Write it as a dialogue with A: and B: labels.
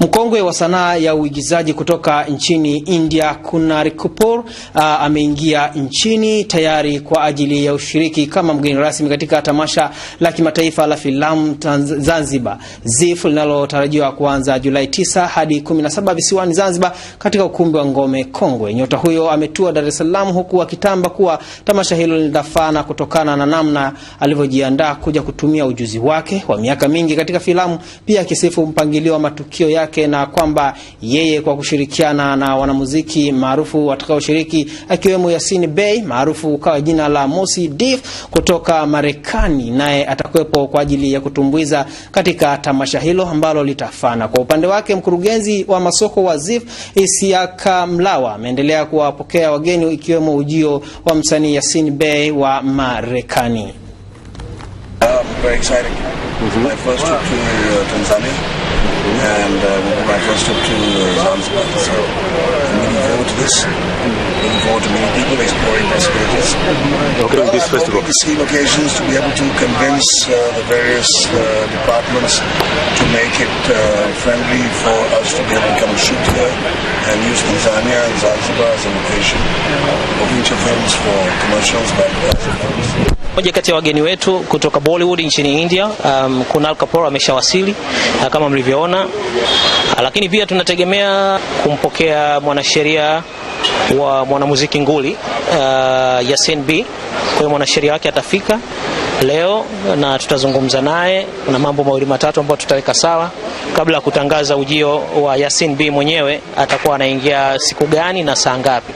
A: Mkongwe wa sanaa ya uigizaji kutoka nchini India Kunari Kapoor ameingia nchini tayari kwa ajili ya ushiriki kama mgeni rasmi katika tamasha la kimataifa la filamu Zanzibar ZIFF linalotarajiwa kuanza Julai 9 hadi 17 visiwani Zanzibar katika ukumbi wa Ngome Kongwe. Nyota huyo ametua Dar es Salaam huku akitamba kuwa tamasha hilo linafana kutokana na namna alivyojiandaa kuja kutumia ujuzi wake wa miaka mingi katika filamu, pia akisifu mpangilio wa matukio mafanikio yake na kwamba yeye kwa kushirikiana na wanamuziki maarufu watakaoshiriki akiwemo Yasin Bey maarufu kwa jina la Mosi Dif kutoka Marekani, naye atakuwepo kwa ajili ya kutumbuiza katika tamasha hilo ambalo litafana. Kwa upande wake, mkurugenzi wa masoko wa ZIF Isiaka Mlawa ameendelea kuwapokea wageni ikiwemo ujio wa msanii Yasin Bey wa Marekani.
B: Um, very exciting. Mm -hmm. My first trip to uh, Tanzania. this involved many people exploring possibilities. Okay, this festival. to see occasions to be able to convince uh, the various uh, departments to make it uh, friendly for us to be able to come and shoot here and use Tanzania and Zanzibar as a location of feature films for commercials by films.
A: Moja kati ya wageni wetu kutoka Bollywood nchini India, um, Kunal Kapoor ameshawasili uh, kama mlivyoona, uh, lakini pia tunategemea kumpokea mwanasheria wa mwanamuziki nguli uh, Yasin B. Kwa hiyo mwanasheria wake atafika leo na tutazungumza naye. Kuna mambo mawili matatu ambayo tutaweka sawa kabla ya kutangaza ujio wa Yasin B mwenyewe, atakuwa anaingia siku gani na saa ngapi.